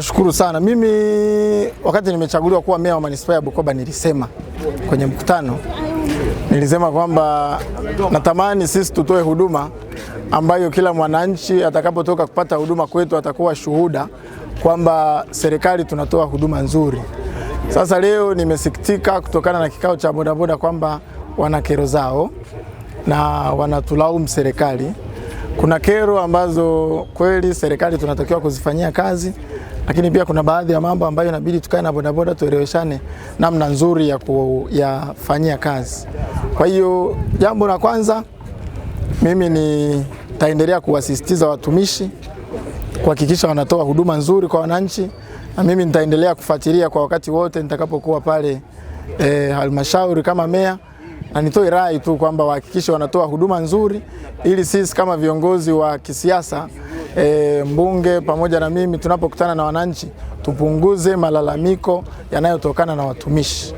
Nashukuru sana. Mimi wakati nimechaguliwa kuwa meya wa manispaa ya Bukoba nilisema kwenye mkutano, nilisema kwamba natamani sisi tutoe huduma ambayo kila mwananchi atakapotoka kupata huduma kwetu atakuwa shuhuda kwamba serikali tunatoa huduma nzuri. Sasa leo nimesikitika kutokana na kikao cha bodaboda kwamba wana kero zao na wanatulaumu serikali. Kuna kero ambazo kweli serikali tunatakiwa kuzifanyia kazi lakini pia kuna baadhi ya mambo ambayo inabidi tukae na bodaboda tueleweshane namna nzuri ya kuyafanyia kazi. Kwa hiyo jambo la kwanza, mimi nitaendelea kuwasisitiza watumishi kuhakikisha wanatoa huduma nzuri kwa wananchi, na mimi nitaendelea kufuatilia kwa wakati wote nitakapokuwa pale e, halmashauri kama meya, na nitoe rai tu kwamba wahakikishe wanatoa huduma nzuri ili sisi kama viongozi wa kisiasa e, mbunge pamoja na mimi tunapokutana na wananchi tupunguze malalamiko yanayotokana na watumishi.